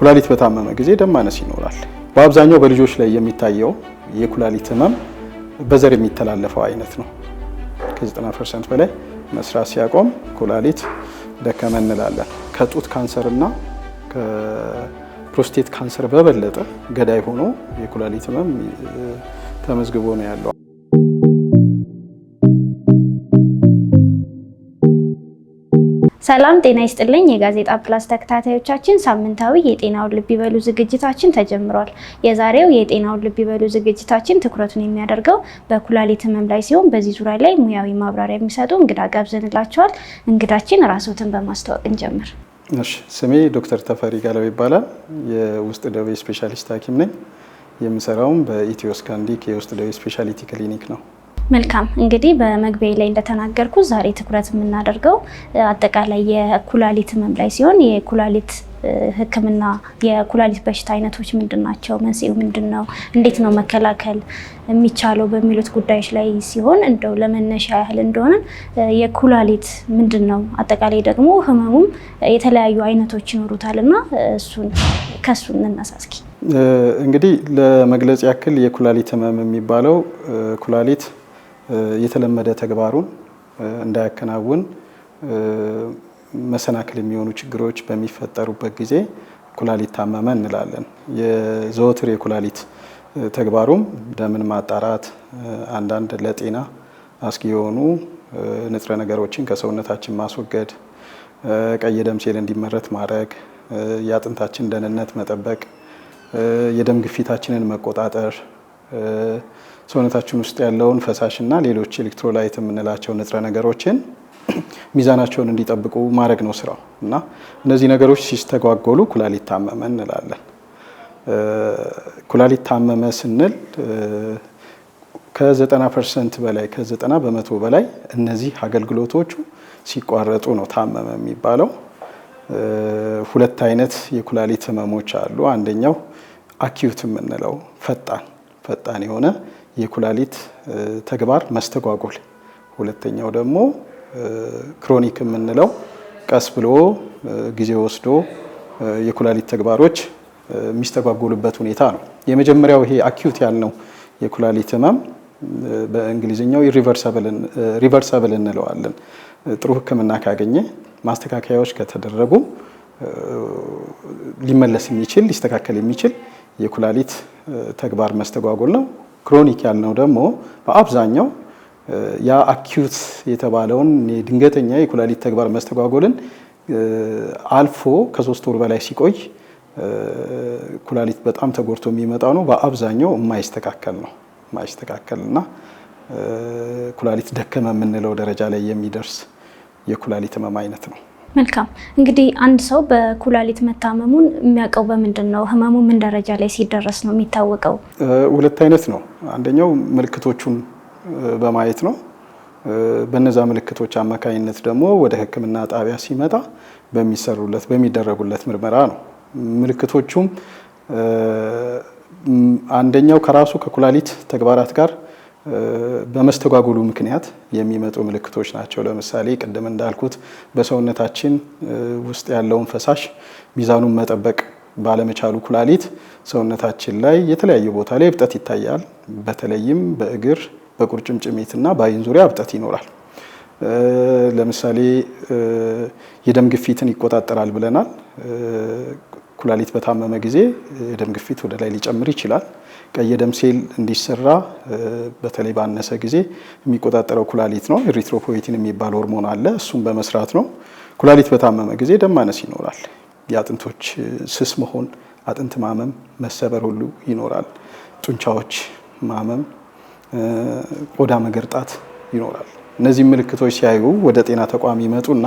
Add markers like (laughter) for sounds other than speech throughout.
ኩላሊት በታመመ ጊዜ ደም ማነስ ይኖራል። በአብዛኛው በልጆች ላይ የሚታየው የኩላሊት ህመም በዘር የሚተላለፈው አይነት ነው። ከ90 ፐርሰንት በላይ መስራት ሲያቆም ኩላሊት ደከመ እንላለን። ከጡት ካንሰርና ከፕሮስቴት ካንሰር በበለጠ ገዳይ ሆኖ የኩላሊት ህመም ተመዝግቦ ነው ያለው። ሰላም ጤና ይስጥልኝ የጋዜጣ ፕላስ ተከታታዮቻችን፣ ሳምንታዊ የጤናውን ልብ ይበሉ ዝግጅታችን ተጀምሯል። የዛሬው የጤናውን ልብ ይበሉ ዝግጅታችን ትኩረቱን የሚያደርገው በኩላሊት ህመም ላይ ሲሆን በዚህ ዙሪያ ላይ ሙያዊ ማብራሪያ የሚሰጡ እንግዳ ጋብዘንላቸዋል። እንግዳችን ራስዎትን በማስተዋወቅ እንጀምር። እሺ፣ ስሜ ዶክተር ተፈሪ ጋለው ይባላል። የውስጥ ደዌ ስፔሻሊስት ሐኪም ነኝ። የምሰራውም በኢትዮስካንዲክ የውስጥ ደዌ ስፔሻሊቲ ክሊኒክ ነው። መልካም እንግዲህ በመግቢያ ላይ እንደተናገርኩ ዛሬ ትኩረት የምናደርገው አጠቃላይ የኩላሊት ህመም ላይ ሲሆን የኩላሊት ህክምና የኩላሊት በሽታ አይነቶች ምንድን ናቸው? መንስኤው ምንድን ነው? እንዴት ነው መከላከል የሚቻለው? በሚሉት ጉዳዮች ላይ ሲሆን እንደው ለመነሻ ያህል እንደሆነ የኩላሊት ምንድን ነው፣ አጠቃላይ ደግሞ ህመሙም የተለያዩ አይነቶች ይኖሩታል እና እሱን ከሱ እንነሳ እስኪ። እንግዲህ ለመግለጽ ያክል የኩላሊት ህመም የሚባለው ኩላሊት የተለመደ ተግባሩን እንዳያከናውን መሰናክል የሚሆኑ ችግሮች በሚፈጠሩበት ጊዜ ኩላሊት ታመመ እንላለን። የዘወትር የኩላሊት ተግባሩም ደምን ማጣራት፣ አንዳንድ ለጤና አስጊ የሆኑ ንጥረ ነገሮችን ከሰውነታችን ማስወገድ፣ ቀይ ደም ሴል እንዲመረት ማድረግ፣ የአጥንታችን ደህንነት መጠበቅ፣ የደም ግፊታችንን መቆጣጠር ሰውነታችን ውስጥ ያለውን ፈሳሽና ሌሎች ኤሌክትሮላይት የምንላቸው ንጥረ ነገሮችን (clears throat) ሚዛናቸውን እንዲጠብቁ ማድረግ ነው ስራው እና እነዚህ ነገሮች ሲስተጓጎሉ ኩላሊት ታመመ እንላለን። ኩላሊት ታመመ ስንል ከዘጠና ፐርሰንት በላይ ከዘጠና በመቶ በላይ እነዚህ አገልግሎቶቹ ሲቋረጡ ነው ታመመ የሚባለው። ሁለት አይነት የኩላሊት ህመሞች አሉ። አንደኛው አኪዩት የምንለው ፈጣን ፈጣን የሆነ የኩላሊት ተግባር መስተጓጎል፣ ሁለተኛው ደግሞ ክሮኒክ የምንለው ቀስ ብሎ ጊዜ ወስዶ የኩላሊት ተግባሮች የሚስተጓጎሉበት ሁኔታ ነው። የመጀመሪያው ይሄ አኪዩት ያልነው የኩላሊት ህመም በእንግሊዝኛው ሪቨርሳብል እንለዋለን። ጥሩ ሕክምና ካገኘ ማስተካከያዎች ከተደረጉ ሊመለስ የሚችል ሊስተካከል የሚችል የኩላሊት ተግባር መስተጓጎል ነው። ክሮኒክ ያልነው ደግሞ በአብዛኛው ያ አኪዩት የተባለውን ድንገተኛ የኩላሊት ተግባር መስተጓጎልን አልፎ ከሶስት ወር በላይ ሲቆይ ኩላሊት በጣም ተጎድቶ የሚመጣ ነው። በአብዛኛው የማይስተካከል ነው የማይስተካከል እና ኩላሊት ደከመ የምንለው ደረጃ ላይ የሚደርስ የኩላሊት ህመም አይነት ነው። መልካም እንግዲህ አንድ ሰው በኩላሊት መታመሙን የሚያውቀው በምንድን ነው? ህመሙ ምን ደረጃ ላይ ሲደረስ ነው የሚታወቀው? ሁለት አይነት ነው። አንደኛው ምልክቶቹን በማየት ነው። በነዛ ምልክቶች አማካኝነት ደግሞ ወደ ህክምና ጣቢያ ሲመጣ በሚሰሩለት በሚደረጉለት ምርመራ ነው። ምልክቶቹም አንደኛው ከራሱ ከኩላሊት ተግባራት ጋር በመስተጓጉሉ ምክንያት የሚመጡ ምልክቶች ናቸው። ለምሳሌ ቅድም እንዳልኩት በሰውነታችን ውስጥ ያለውን ፈሳሽ ሚዛኑን መጠበቅ ባለመቻሉ ኩላሊት ሰውነታችን ላይ የተለያየ ቦታ ላይ እብጠት ይታያል። በተለይም በእግር በቁርጭምጭሚትና በአይን ዙሪያ እብጠት ይኖራል። ለምሳሌ የደም ግፊትን ይቆጣጠራል ብለናል። ኩላሊት በታመመ ጊዜ የደም ግፊት ወደ ላይ ሊጨምር ይችላል። ቀይ ሴል እንዲሰራ በተለይ ባነሰ ጊዜ የሚቆጣጠረው ኩላሊት ነው። ኢሪትሮፖይቲን የሚባል ሆርሞን አለ። እሱም በመስራት ነው። ኩላሊት በታመመ ጊዜ ደም ማነስ ይኖራል። የአጥንቶች ስስ መሆን፣ አጥንት ማመም፣ መሰበር ሁሉ ይኖራል። ጡንቻዎች ማመም፣ ቆዳ መገርጣት ይኖራል። እነዚህ ምልክቶች ሲያዩ ወደ ጤና ተቋም ይመጡና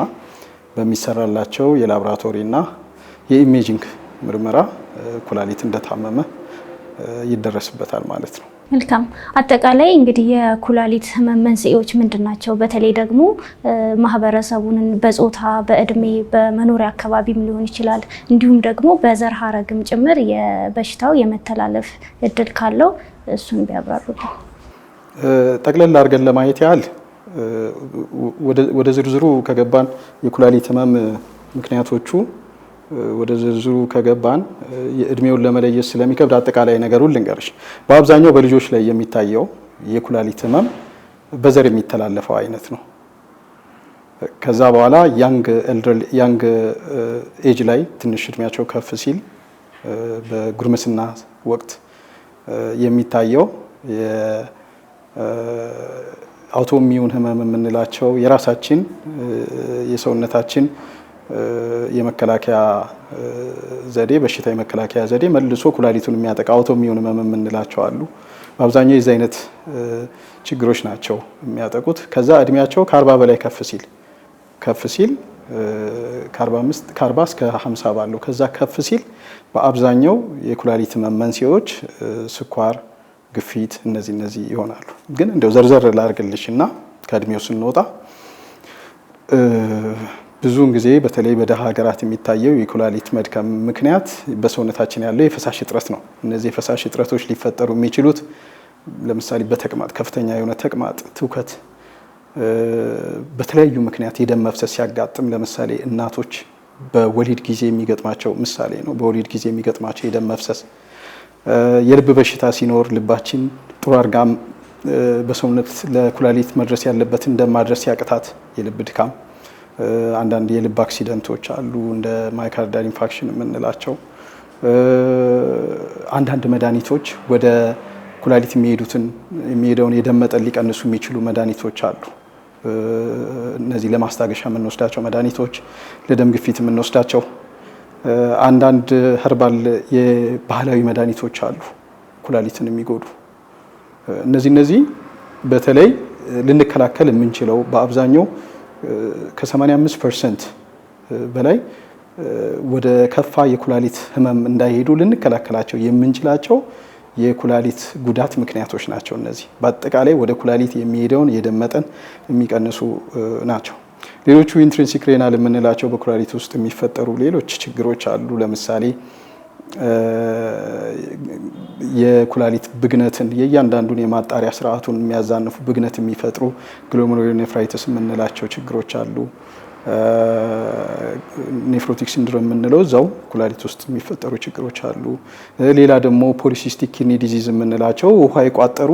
በሚሰራላቸው የላብራቶሪና የኢሜጂንግ ምርመራ ኩላሊት እንደታመመ ይደረስበታል ማለት ነው። መልካም። አጠቃላይ እንግዲህ የኩላሊት ህመም መንስኤዎች ምንድን ናቸው? በተለይ ደግሞ ማህበረሰቡን በጾታ በእድሜ በመኖሪያ አካባቢም ሊሆን ይችላል እንዲሁም ደግሞ በዘር ሀረግም ጭምር የበሽታው የመተላለፍ እድል ካለው እሱን ቢያብራሩ። ጠቅለል አድርገን ለማየት ያህል ወደ ዝርዝሩ ከገባን የኩላሊት ህመም ምክንያቶቹ ወደ ዝርዝሩ ከገባን እድሜውን ለመለየት ስለሚከብድ አጠቃላይ ነገሩን ልንገርሽ። በአብዛኛው በልጆች ላይ የሚታየው የኩላሊት ህመም በዘር የሚተላለፈው አይነት ነው። ከዛ በኋላ ያንግ ኤጅ ላይ ትንሽ እድሜያቸው ከፍ ሲል በጉርምስና ወቅት የሚታየው የአውቶሚዩን ህመም የምንላቸው የራሳችን የሰውነታችን የመከላከያ ዘዴ በሽታ የመከላከያ ዘዴ መልሶ ኩላሊቱን የሚያጠቃ አውቶ የሚሆን ህመም የምንላቸው አሉ። በአብዛኛው የዚህ አይነት ችግሮች ናቸው የሚያጠቁት። ከዛ እድሜያቸው ከአርባ በላይ ከፍ ሲል ከፍ ሲል ከአርባ እስከ ሀምሳ ባለው ከዛ ከፍ ሲል በአብዛኛው የኩላሊት ህመም መንስኤዎች ስኳር፣ ግፊት እነዚህ እነዚህ ይሆናሉ። ግን እንደው ዘርዘር ላርግልሽ እና ከእድሜው ስንወጣ ብዙውን ጊዜ በተለይ በደሃ ሀገራት የሚታየው የኩላሊት መድከም ምክንያት በሰውነታችን ያለው የፈሳሽ እጥረት ነው። እነዚህ የፈሳሽ እጥረቶች ሊፈጠሩ የሚችሉት ለምሳሌ በተቅማጥ ከፍተኛ የሆነ ተቅማጥ፣ ትውከት፣ በተለያዩ ምክንያት የደም መፍሰስ ሲያጋጥም ለምሳሌ እናቶች በወሊድ ጊዜ የሚገጥማቸው ምሳሌ ነው። በወሊድ ጊዜ የሚገጥማቸው የደም መፍሰስ፣ የልብ በሽታ ሲኖር ልባችን ጥሩ አርጋም በሰውነት ለኩላሊት መድረስ ያለበትን ደም ማድረስ ሲያቅታት የልብ ድካም አንዳንድ የልብ አክሲደንቶች አሉ እንደ ማይካርዳል ኢንፋክሽን የምንላቸው። አንዳንድ መድኃኒቶች ወደ ኩላሊት የሚሄዱትን የሚሄደውን የደም መጠን ሊቀንሱ የሚችሉ መድኃኒቶች አሉ። እነዚህ ለማስታገሻ የምንወስዳቸው መድኃኒቶች፣ ለደም ግፊት የምንወስዳቸው አንዳንድ ኸርባል የባህላዊ መድኃኒቶች አሉ ኩላሊትን የሚጎዱ እነዚህ እነዚህ በተለይ ልንከላከል የምንችለው በአብዛኛው ከ85 ፐርሰንት በላይ ወደ ከፋ የኩላሊት ህመም እንዳይሄዱ ልንከላከላቸው የምንችላቸው የኩላሊት ጉዳት ምክንያቶች ናቸው። እነዚህ በአጠቃላይ ወደ ኩላሊት የሚሄደውን የደም መጠን የሚቀንሱ ናቸው። ሌሎቹ ኢንትሪንሲክ ሬናል የምንላቸው በኩላሊት ውስጥ የሚፈጠሩ ሌሎች ችግሮች አሉ። ለምሳሌ የኩላሊት ብግነትን የእያንዳንዱን የማጣሪያ ስርዓቱን የሚያዛንፉ ብግነት የሚፈጥሩ ግሎሜሩሎኔፍራይተስ የምንላቸው ችግሮች አሉ። ኔፍሮቲክ ሲንድሮም የምንለው እዛው ኩላሊት ውስጥ የሚፈጠሩ ችግሮች አሉ። ሌላ ደግሞ ፖሊሲስቲክ ኪድኒ ዲዚዝ የምንላቸው ውሃ የቋጠሩ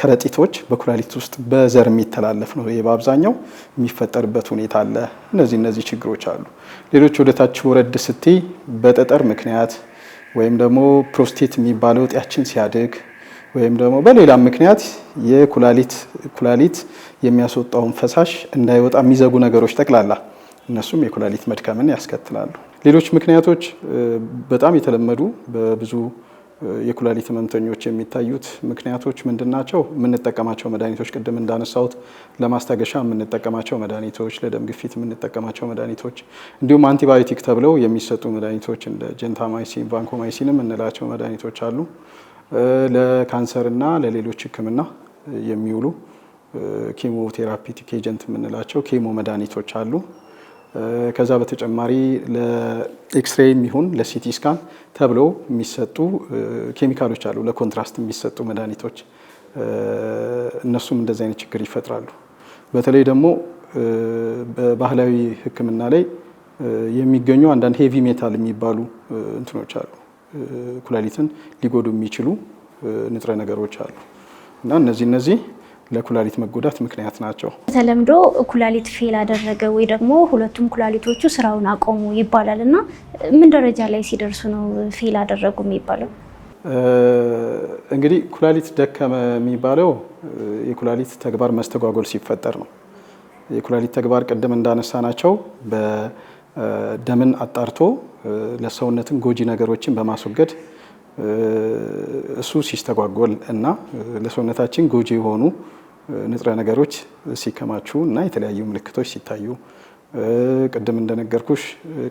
ከረጢቶች በኩላሊት ውስጥ በዘር የሚተላለፍ ነው። ይህ በአብዛኛው የሚፈጠርበት ሁኔታ አለ። እነዚህ እነዚህ ችግሮች አሉ። ሌሎች ወደታች ወረድ ስትይ በጠጠር ምክንያት ወይም ደግሞ ፕሮስቴት የሚባለው እጢያችን ሲያድግ ወይም ደግሞ በሌላ ምክንያት የኩላሊት ኩላሊት የሚያስወጣውን ፈሳሽ እንዳይወጣ የሚዘጉ ነገሮች ጠቅላላ እነሱም የኩላሊት መድከምን ያስከትላሉ። ሌሎች ምክንያቶች በጣም የተለመዱ በብዙ የኩላሊት ህመምተኞች የሚታዩት ምክንያቶች ምንድን ናቸው? የምንጠቀማቸው መድኃኒቶች ቅድም እንዳነሳሁት ለማስታገሻ የምንጠቀማቸው መድኃኒቶች፣ ለደም ግፊት የምንጠቀማቸው መድኃኒቶች እንዲሁም አንቲባዮቲክ ተብለው የሚሰጡ መድኃኒቶች እንደ ጀንታማይሲን፣ ቫንኮማይሲንም እንላቸው መድኃኒቶች አሉ። ለካንሰርና ለሌሎች ህክምና የሚውሉ ኬሞቴራፒቲክ ኤጀንት የምንላቸው ኬሞ መድኃኒቶች አሉ። ከዛ በተጨማሪ ለኤክስሬይ የሚሆን ለሲቲ ስካን ተብሎ የሚሰጡ ኬሚካሎች አሉ፣ ለኮንትራስት የሚሰጡ መድኃኒቶች። እነሱም እንደዚህ አይነት ችግር ይፈጥራሉ። በተለይ ደግሞ በባህላዊ ሕክምና ላይ የሚገኙ አንዳንድ ሄቪ ሜታል የሚባሉ እንትኖች አሉ፣ ኩላሊትን ሊጎዱ የሚችሉ ንጥረ ነገሮች አሉ እና እነዚህ እነዚህ ለኩላሊት መጎዳት ምክንያት ናቸው። በተለምዶ ኩላሊት ፌል አደረገ ወይ ደግሞ ሁለቱም ኩላሊቶቹ ስራውን አቆሙ ይባላል እና ምን ደረጃ ላይ ሲደርሱ ነው ፌል አደረጉ የሚባለው? እንግዲህ ኩላሊት ደከመ የሚባለው የኩላሊት ተግባር መስተጓጎል ሲፈጠር ነው። የኩላሊት ተግባር ቅድም ናቸው በደምን አጣርቶ ለሰውነትን ጎጂ ነገሮችን በማስወገድ እሱ ሲስተጓጎል እና ለሰውነታችን ጎጂ የሆኑ ንጥረ ነገሮች ሲከማቹ እና የተለያዩ ምልክቶች ሲታዩ ቅድም እንደነገርኩሽ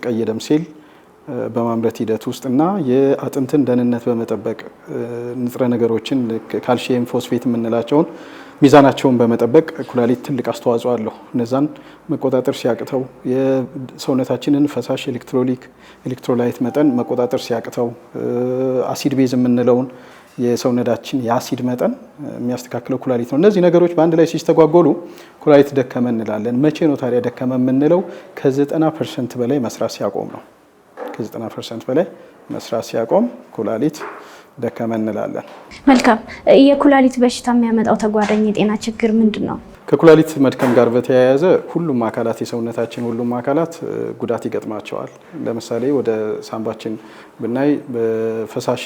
ቀይ ደም ሴል በማምረት ሂደት ውስጥ እና የአጥንትን ደህንነት በመጠበቅ ንጥረ ነገሮችን ካልሽየም ፎስፌት የምንላቸውን ሚዛናቸውን በመጠበቅ ኩላሊት ትልቅ አስተዋጽኦ አለው። እነዛን መቆጣጠር ሲያቅተው የሰውነታችንን ፈሳሽ ኤሌክትሮሊክ ኤሌክትሮላይት መጠን መቆጣጠር ሲያቅተው አሲድ ቤዝ የምንለውን የሰውነታችን የአሲድ መጠን የሚያስተካክለው ኩላሊት ነው። እነዚህ ነገሮች በአንድ ላይ ሲስተጓጎሉ ኩላሊት ደከመ እንላለን። መቼ ነው ታዲያ ደከመ የምንለው? ከዘጠና ፐርሰንት በላይ መስራት ሲያቆም ነው። ከዘጠና ፐርሰንት በላይ መስራት ሲያቆም ኩላሊት ደከመ እንላለን። መልካም። የኩላሊት በሽታ የሚያመጣው ተጓዳኝ የጤና ችግር ምንድን ነው? ከኩላሊት መድከም ጋር በተያያዘ ሁሉም አካላት የሰውነታችን ሁሉም አካላት ጉዳት ይገጥማቸዋል። ለምሳሌ ወደ ሳንባችን ብናይ በፈሳሽ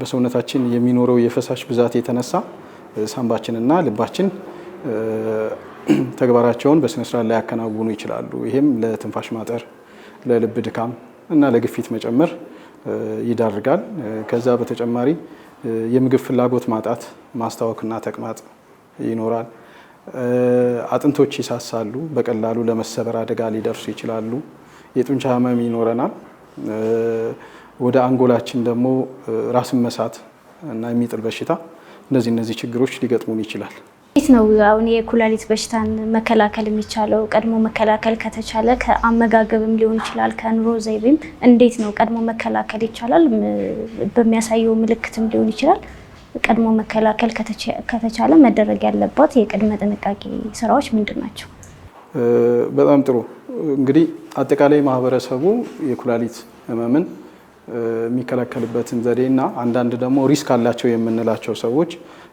በሰውነታችን የሚኖረው የፈሳሽ ብዛት የተነሳ ሳንባችንና ልባችን ተግባራቸውን በስነስርዓት ላይ ያከናውኑ ይችላሉ። ይህም ለትንፋሽ ማጠር፣ ለልብ ድካም እና ለግፊት መጨመር ይዳርጋል። ከዛ በተጨማሪ የምግብ ፍላጎት ማጣት፣ ማስታወክና ተቅማጥ ይኖራል። አጥንቶች ይሳሳሉ፣ በቀላሉ ለመሰበር አደጋ ሊደርሱ ይችላሉ። የጡንቻ ህመም ይኖረናል። ወደ አንጎላችን ደግሞ ራስን መሳት እና የሚጥል በሽታ እነዚህ እነዚህ ችግሮች ሊገጥሙን ይችላል። እንዴት ነው አሁን የኩላሊት በሽታን መከላከል የሚቻለው? ቀድሞ መከላከል ከተቻለ ከአመጋገብም ሊሆን ይችላል ከኑሮ ዘይቤም፣ እንዴት ነው ቀድሞ መከላከል ይቻላል? በሚያሳየው ምልክትም ሊሆን ይችላል። ቀድሞ መከላከል ከተቻለ መደረግ ያለባት የቅድመ ጥንቃቄ ስራዎች ምንድን ናቸው? በጣም ጥሩ። እንግዲህ አጠቃላይ ማህበረሰቡ የኩላሊት ህመምን የሚከላከልበትን ዘዴ እና አንዳንድ ደግሞ ሪስክ አላቸው የምንላቸው ሰዎች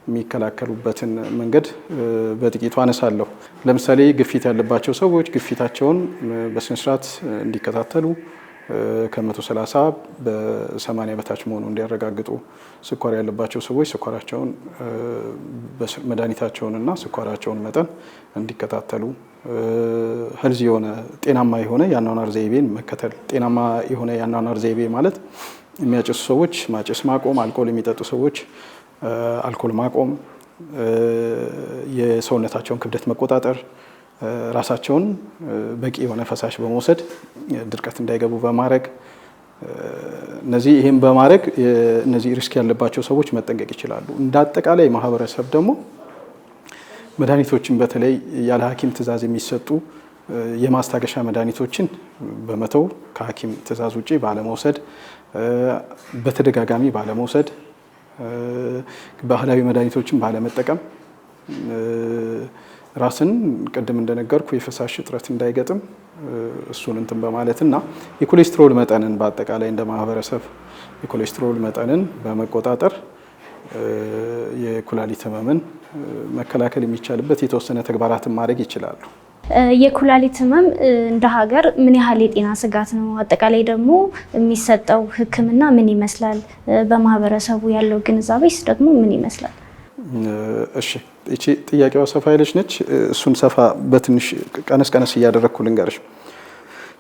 የሚከላከሉበትን መንገድ በጥቂቱ አነሳለሁ። ለምሳሌ ግፊት ያለባቸው ሰዎች ግፊታቸውን በስነስርዓት እንዲከታተሉ ከ130 በ80 በታች መሆኑ እንዲያረጋግጡ፣ ስኳር ያለባቸው ሰዎች ስኳራቸውን መድኃኒታቸውንና ስኳራቸውን መጠን እንዲከታተሉ፣ ህልዝ የሆነ ጤናማ የሆነ የአኗኗር ዘይቤን መከተል። ጤናማ የሆነ የአኗኗር ዘይቤ ማለት የሚያጭሱ ሰዎች ማጭስ ማቆም፣ አልኮል የሚጠጡ ሰዎች አልኮል ማቆም፣ የሰውነታቸውን ክብደት መቆጣጠር፣ ራሳቸውን በቂ የሆነ ፈሳሽ በመውሰድ ድርቀት እንዳይገቡ በማድረግ እነዚህ ይህም በማድረግ እነዚህ ሪስክ ያለባቸው ሰዎች መጠንቀቅ ይችላሉ። እንደ አጠቃላይ ማህበረሰብ ደግሞ መድኃኒቶችን በተለይ ያለ ሐኪም ትዕዛዝ የሚሰጡ የማስታገሻ መድኃኒቶችን በመተው ከሐኪም ትዕዛዝ ውጪ ባለመውሰድ፣ በተደጋጋሚ ባለመውሰድ ባህላዊ መድኃኒቶችን ባለመጠቀም ራስን ቅድም እንደነገርኩ የፈሳሽ እጥረት እንዳይገጥም እሱን እንትን በማለት እና የኮሌስትሮል መጠንን በአጠቃላይ እንደ ማህበረሰብ የኮሌስትሮል መጠንን በመቆጣጠር የኩላሊት ህመምን መከላከል የሚቻልበት የተወሰነ ተግባራትን ማድረግ ይችላሉ። የኩላሊት ህመም እንደ ሀገር ምን ያህል የጤና ስጋት ነው? አጠቃላይ ደግሞ የሚሰጠው ህክምና ምን ይመስላል? በማህበረሰቡ ያለው ግንዛቤስ ደግሞ ምን ይመስላል? እሺ ይቺ ጥያቄዋ ሰፋ ያለች ነች። እሱን ሰፋ በትንሽ ቀነስ ቀነስ እያደረግኩ ልንገርሽ።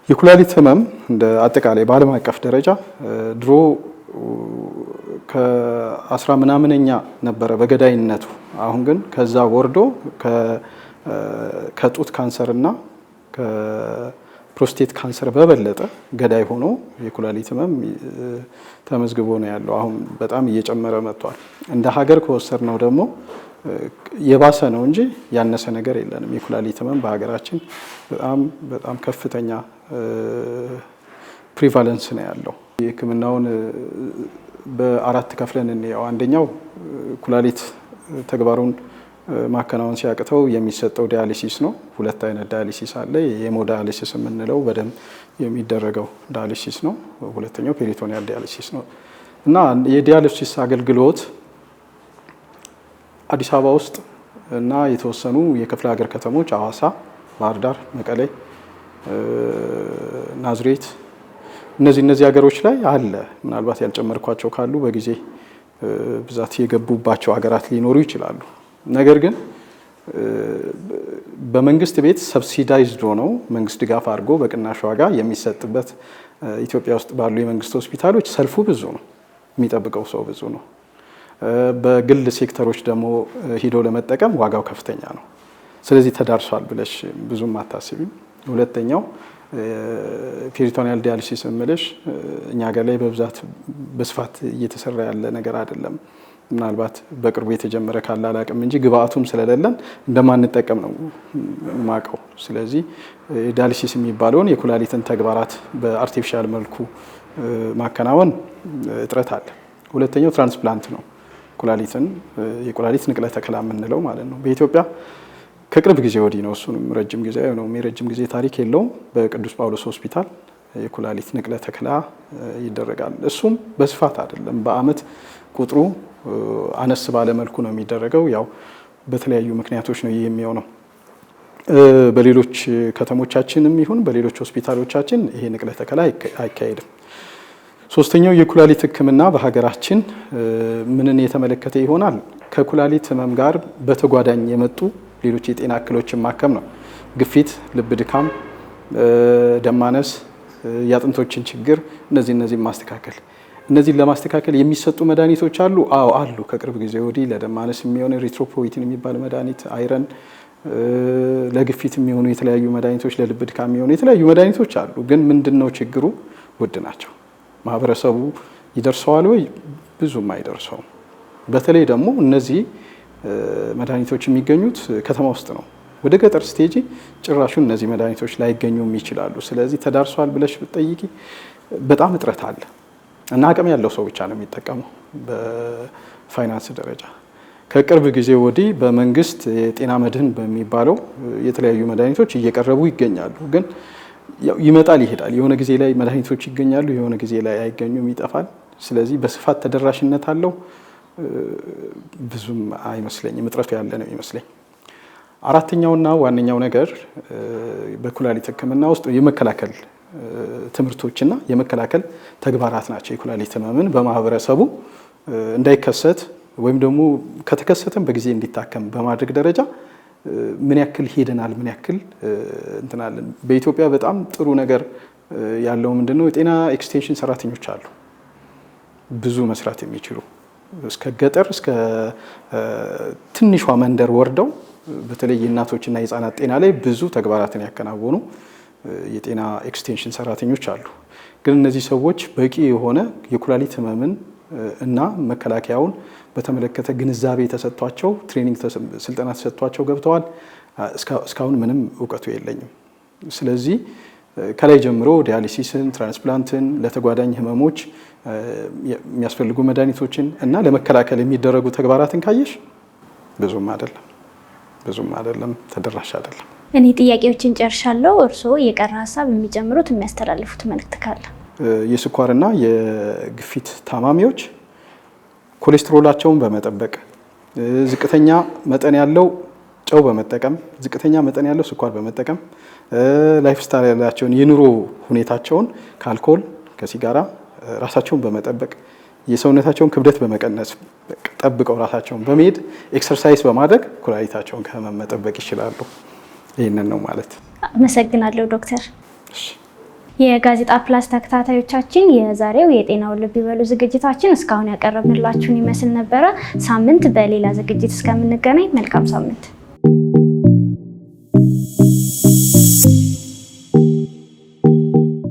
የኩላሊት ህመም እንደ አጠቃላይ በዓለም አቀፍ ደረጃ ድሮ ከአስራ ምናምነኛ ነበረ በገዳይነቱ። አሁን ግን ከዛ ወርዶ ከጡት ካንሰርና ከፕሮስቴት ካንሰር በበለጠ ገዳይ ሆኖ የኩላሊት ህመም ተመዝግቦ ነው ያለው። አሁን በጣም እየጨመረ መጥቷል። እንደ ሀገር ነው ደግሞ የባሰ ነው እንጂ ያነሰ ነገር የለንም። የኩላሊት ህመም በሀገራችን በጣም በጣም ከፍተኛ ፕሪቫለንስ ነው ያለው። የህክምናውን በአራት ከፍለን እንየው። አንደኛው ኩላሊት ተግባሩን ማከናወን ሲያቅተው የሚሰጠው ዳያሊሲስ ነው። ሁለት አይነት ዳያሊሲስ አለ። የሄሞዳያሊሲስ የምንለው በደም የሚደረገው ዳያሊሲስ ነው። ሁለተኛው ፔሪቶኒያል ዳያሊሲስ ነው እና የዳያሊሲስ አገልግሎት አዲስ አበባ ውስጥ እና የተወሰኑ የክፍለ ሀገር ከተሞች አዋሳ፣ ባህር ዳር፣ መቀሌ፣ ናዝሬት እነዚህ እነዚህ ሀገሮች ላይ አለ። ምናልባት ያልጨመርኳቸው ካሉ በጊዜ ብዛት የገቡባቸው ሀገራት ሊኖሩ ይችላሉ። ነገር ግን በመንግስት ቤት ሰብሲዳይዝድ ሆነው መንግስት ድጋፍ አድርጎ በቅናሽ ዋጋ የሚሰጥበት ኢትዮጵያ ውስጥ ባሉ የመንግስት ሆስፒታሎች ሰልፉ ብዙ ነው፣ የሚጠብቀው ሰው ብዙ ነው። በግል ሴክተሮች ደግሞ ሂዶ ለመጠቀም ዋጋው ከፍተኛ ነው። ስለዚህ ተዳርሷል ብለሽ ብዙም አታስቢም። ሁለተኛው ፔሪቶኒያል ዲያሊሲስ እምልሽ እኛ ሀገር ላይ በብዛት በስፋት እየተሰራ ያለ ነገር አይደለም። ምናልባት በቅርቡ የተጀመረ ካለ አላቅም እንጂ ግብአቱም ስለሌለን እንደማንጠቀም ነው ማቀው። ስለዚህ ዳልሲስ የሚባለውን የኩላሊትን ተግባራት በአርቲፊሻል መልኩ ማከናወን እጥረት አለ። ሁለተኛው ትራንስፕላንት ነው። ኩላሊትን የኩላሊት ንቅለ ተከላ የምንለው ማለት ነው። በኢትዮጵያ ከቅርብ ጊዜ ወዲህ ነው። እሱንም ረጅም ጊዜ ነው፣ የረጅም ጊዜ ታሪክ የለውም። በቅዱስ ጳውሎስ ሆስፒታል የኩላሊት ንቅለ ተከላ ይደረጋል። እሱም በስፋት አይደለም፣ በአመት ቁጥሩ አነስ ባለ መልኩ ነው የሚደረገው። ያው በተለያዩ ምክንያቶች ነው ይህ የሚሆነው። በሌሎች ከተሞቻችንም ይሁን በሌሎች ሆስፒታሎቻችን ይሄ ንቅለ ተከላ አይካሄድም። ሶስተኛው የኩላሊት ሕክምና በሀገራችን ምንን የተመለከተ ይሆናል? ከኩላሊት ህመም ጋር በተጓዳኝ የመጡ ሌሎች የጤና እክሎችን ማከም ነው። ግፊት፣ ልብ ድካም፣ ደማነስ የአጥንቶችን ችግር እነዚህ እነዚህ ማስተካከል እነዚህን ለማስተካከል የሚሰጡ መድኃኒቶች አሉ። አዎ አሉ። ከቅርብ ጊዜ ወዲህ ለደም ማነስ የሚሆን የሚባል መድኃኒት አይረን፣ ለግፊት የሚሆኑ የተለያዩ መድኃኒቶች፣ ለልብ ድካም የሚሆኑ የተለያዩ መድኃኒቶች አሉ። ግን ምንድን ነው ችግሩ? ውድ ናቸው። ማህበረሰቡ ይደርሰዋል ወይ? ብዙም አይደርሰውም። በተለይ ደግሞ እነዚህ መድኃኒቶች የሚገኙት ከተማ ውስጥ ነው። ወደ ገጠር ስቴጂ ጭራሹ እነዚህ መድኃኒቶች ላይገኙም ይችላሉ። ስለዚህ ተዳርሷል ብለሽ ብትጠይቂ በጣም እጥረት አለ እና አቅም ያለው ሰው ብቻ ነው የሚጠቀመው በፋይናንስ ደረጃ። ከቅርብ ጊዜ ወዲህ በመንግስት የጤና መድህን በሚባለው የተለያዩ መድኃኒቶች እየቀረቡ ይገኛሉ። ግን ይመጣል ይሄዳል። የሆነ ጊዜ ላይ መድኃኒቶች ይገኛሉ፣ የሆነ ጊዜ ላይ አይገኙም፣ ይጠፋል። ስለዚህ በስፋት ተደራሽነት አለው ብዙም አይመስለኝም፣ እጥረቱ ያለ ነው ይመስለኝ። አራተኛውና ዋነኛው ነገር በኩላሊት ህክምና ውስጥ የመከላከል ትምህርቶችና የመከላከል ተግባራት ናቸው። የኩላሊት ህመምን በማህበረሰቡ እንዳይከሰት ወይም ደግሞ ከተከሰተም በጊዜ እንዲታከም በማድረግ ደረጃ ምን ያክል ሄደናል? ምን ያክል እንትናለን? በኢትዮጵያ በጣም ጥሩ ነገር ያለው ምንድን ነው? የጤና ኤክስቴንሽን ሰራተኞች አሉ፣ ብዙ መስራት የሚችሉ እስከ ገጠር እስከ ትንሿ መንደር ወርደው በተለይ የእናቶችና የህፃናት ጤና ላይ ብዙ ተግባራትን ያከናወኑ የጤና ኤክስቴንሽን ሰራተኞች አሉ። ግን እነዚህ ሰዎች በቂ የሆነ የኩላሊት ህመምን እና መከላከያውን በተመለከተ ግንዛቤ ተሰጥቷቸው ትሬኒንግ ስልጠና ተሰጥቷቸው ገብተዋል። እስካሁን ምንም እውቀቱ የለኝም። ስለዚህ ከላይ ጀምሮ ዲያሊሲስን፣ ትራንስፕላንትን፣ ለተጓዳኝ ህመሞች የሚያስፈልጉ መድኃኒቶችን እና ለመከላከል የሚደረጉ ተግባራትን ካየሽ ብዙም አይደለም። ብዙም አይደለም ተደራሽ አይደለም። እኔ ጥያቄዎችን ጨርሻለሁ። እርስዎ የቀረ ሀሳብ የሚጨምሩት የሚያስተላልፉት መልእክት ካለ? የስኳርና የግፊት ታማሚዎች ኮሌስትሮላቸውን በመጠበቅ ዝቅተኛ መጠን ያለው ጨው በመጠቀም ዝቅተኛ መጠን ያለው ስኳር በመጠቀም ላይፍ ስታይል ያላቸውን የኑሮ ሁኔታቸውን ከአልኮል ከሲጋራ ራሳቸውን በመጠበቅ የሰውነታቸውን ክብደት በመቀነስ ጠብቀው ራሳቸውን በመሄድ ኤክሰርሳይዝ በማድረግ ኩላሊታቸውን ከህመም መጠበቅ ይችላሉ። ይህንን ነው ማለት። አመሰግናለሁ ዶክተር። የጋዜጣ ፕላስ ተከታታዮቻችን የዛሬው የጤናው ልብ ይበሉ ዝግጅታችን እስካሁን ያቀረብንላችሁን ይመስል ነበረ። ሳምንት በሌላ ዝግጅት እስከምንገናኝ መልካም ሳምንት